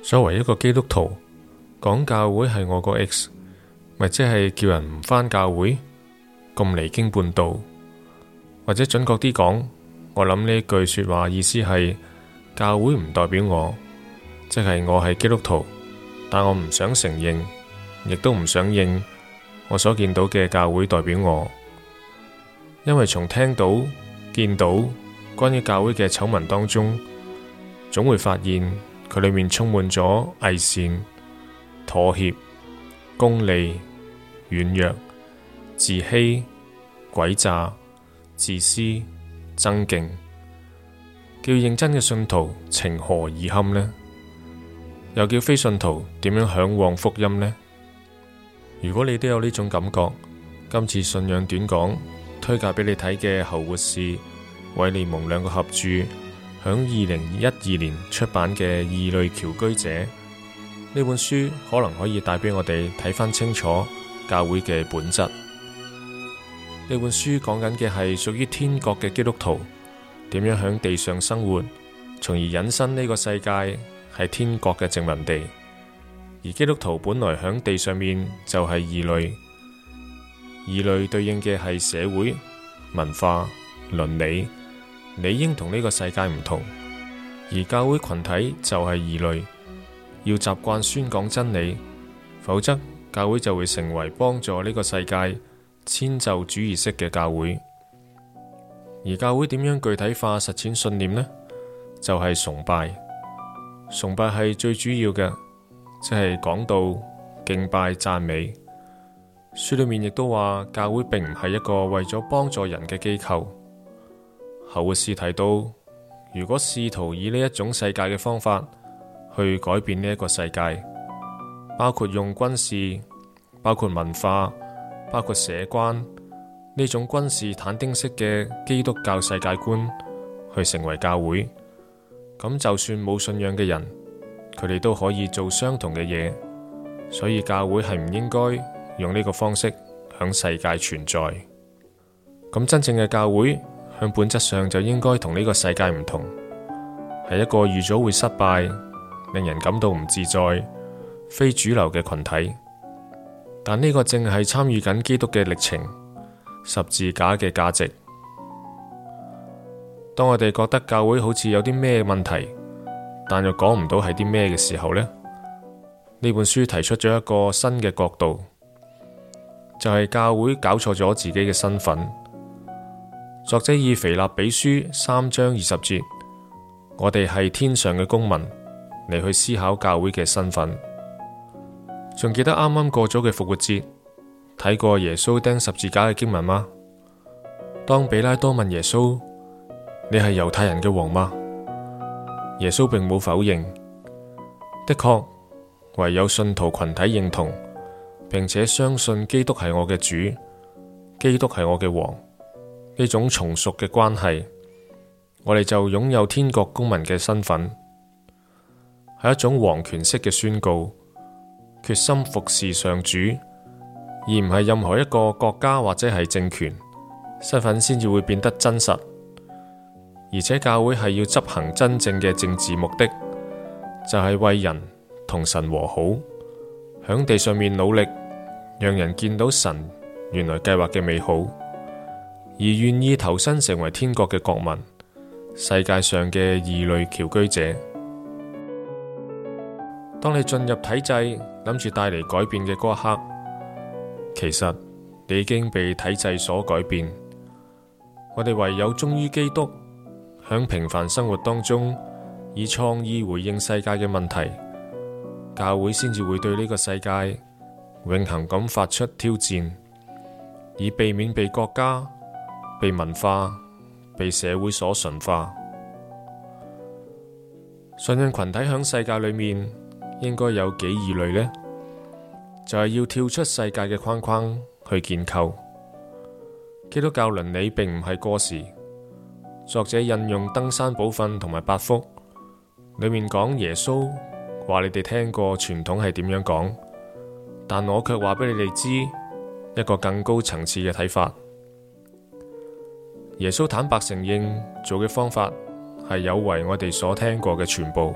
所謂作為一個基督徒講教會係我個 EX，咪即係叫人唔返教會，咁離經叛道，或者準確啲講，我諗呢句說話意思係教會唔代表我，即係我係基督徒，但我唔想承認，亦都唔想認我所見到嘅教會代表我，因為從聽到見到關於教會嘅醜聞當中，總會發現。佢裏面充滿咗偽善、妥協、功利、軟弱、自欺、詭詐、自私、爭競，叫認真嘅信徒情何以堪呢？又叫非信徒點樣向往福音呢？如果你都有呢種感覺，今次信仰短講推介俾你睇嘅侯活士、韋利蒙兩個合著。喺二零一二年出版嘅《異類僑居者》呢本書，可能可以帶畀我哋睇翻清楚教會嘅本質。呢本書講緊嘅係屬於天國嘅基督徒點樣喺地上生活，從而引申呢個世界係天國嘅殖民地。而基督徒本來喺地上面就係異類，異類對應嘅係社會文化倫理理應同呢個世界唔同，而教會群體就係異類，要習慣宣講真理，否則教會就會成為幫助呢個世界遷就主義式嘅教會。而教會點樣具體化實踐信念呢？就係、是、崇拜，崇拜係最主要嘅，即係講道敬拜、讚美。書裡面亦都話，教會並唔係一個為咗幫助人嘅機構。侯活士提到，如果試圖以呢一種世界嘅方法去改變呢一個世界，包括用軍事、包括文化、包括社關，呢種君士坦丁式嘅基督教世界觀去成為教會，咁就算冇信仰嘅人，佢哋都可以做相同嘅嘢。所以教會係唔應該用呢個方式響世界存在。咁真正嘅教會。向本質上就應該同呢個世界唔同，係一個預早會失敗、令人感到唔自在、非主流嘅群體。但呢個正係參與緊基督嘅歷程、十字架嘅價值。當我哋覺得教會好似有啲咩問題，但又講唔到係啲咩嘅時候呢，呢本書提出咗一個新嘅角度，就係教會搞錯咗自己嘅身份。作者以腓立比書三章二十節，我哋係天上嘅公民，嚟去思考教會嘅身份。仲記得啱啱過咗嘅復活節，睇過耶穌釘十字架嘅經文嗎？當彼拉多問耶穌：你係猶太人嘅王嗎？耶穌並冇否認。的確，唯有信徒群體認同，並且相信基督係我嘅主，基督係我嘅王。呢種從屬嘅關係，我哋就擁有天國公民嘅身份，係一種皇權式嘅宣告，決心服侍上主，而唔係任何一個國家或者係政權，身份先至會變得真實。而且教會係要執行真正嘅政治目的，就係為人同神和好，響地上面努力，讓人見到神原來計劃嘅美好。而願意投身成為天國嘅國民，世界上嘅異類僑居者。當你進入體制諗住帶嚟改變嘅嗰一刻，其實你已經被體制所改變。我哋唯有忠於基督，響平凡生活當中以創意回應世界嘅問題，教會先至會對呢個世界永恒咁發出挑戰，以避免被國家。被文化、被社會所馴化，信仰群體響世界裏面應該有幾異類呢？就係、是、要跳出世界嘅框框去建構。基督教倫理並唔係過時。作者引用登山寶訓同埋八福裏面講耶穌話：你哋聽過傳統係點樣講？但我卻話俾你哋知一個更高層次嘅睇法。耶穌坦白承認做嘅方法係有違我哋所聽過嘅全部。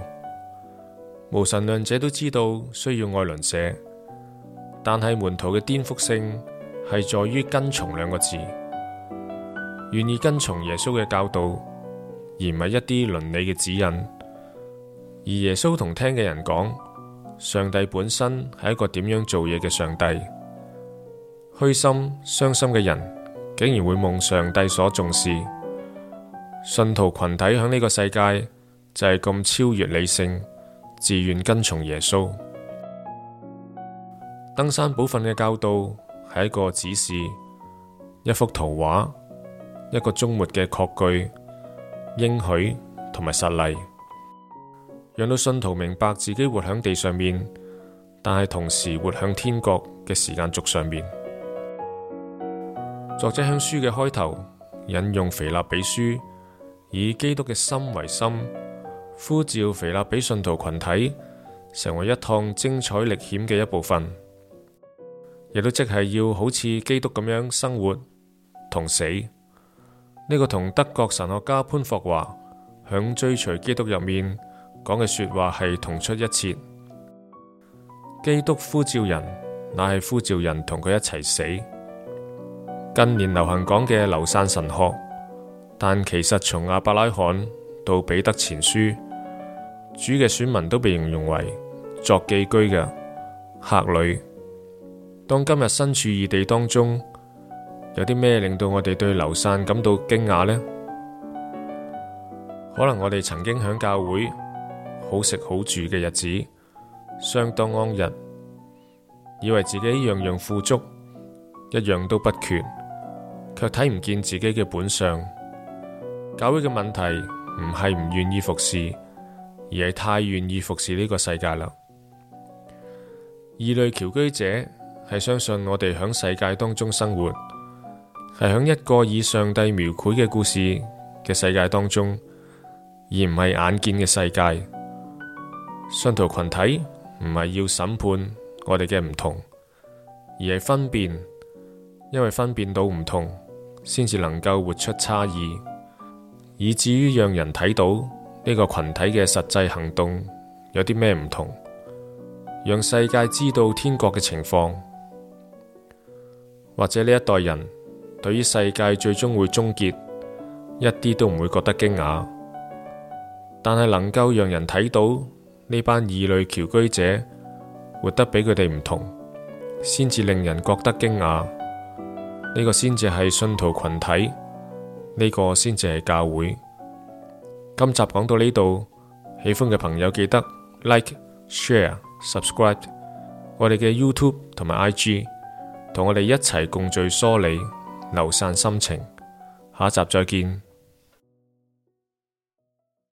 無神論者都知道需要愛鄰舍，但係門徒嘅顛覆性係在於跟從兩個字，願意跟從耶穌嘅教導，而唔係一啲倫理嘅指引。而耶穌同聽嘅人講，上帝本身係一個點樣做嘢嘅上帝，虛心、傷心嘅人竟然會夢上帝所重視，信徒群體響呢個世界就係咁超越理性，自願跟從耶穌。登山寶訓嘅教導係一個指示，一幅圖畫，一個終末嘅確據，應許同埋實例，讓到信徒明白自己活響地上面，但係同時活響天國嘅時間軸上面。作者喺書嘅開頭引用腓立比書，以基督嘅心為心，呼召腓立比信徒群體成為一趟精彩歷險嘅一部分，亦都即係要好似基督咁樣生活同死。呢、這個同德國神學家潘霍華響追隨基督入面講嘅說的話係同出一轍。基督呼召人，乃係呼召人同佢一齊死。近年流行講嘅流散神學，但其實從亞伯拉罕到彼得前書，主嘅選民都被形容為作寄居嘅客旅。當今日身處異地當中，有啲咩令到我哋對流散感到驚訝呢？可能我哋曾經喺教會好食好住嘅日子，相當安逸，以為自己樣樣富足，一樣都不缺。卻睇唔見自己嘅本相，教會嘅問題唔係唔願意服侍，而係太願意服侍呢個世界啦。異類僑居者係相信我哋響世界當中生活，係響一個以上帝描繪嘅故事嘅世界當中，而唔係眼見嘅世界。信徒群體唔係要審判我哋嘅唔同，而係分辨，因為分辨到唔同。先至能夠活出差異，以至於讓人睇到呢個群體嘅實際行動有啲咩唔同，讓世界知道天國嘅情況，或者呢一代人對於世界最終會終結，一啲都唔會覺得驚訝，但係能夠讓人睇到呢班異類僑居者活得比佢哋唔同，先至令人覺得驚訝。呢個先至係信徒群體，呢個先至係教會。今集講到呢度，喜歡嘅朋友記得 like、share、subscribe 我哋嘅 YouTube 同埋 IG，同我哋一齊共聚梳理、留散心情。下集再見。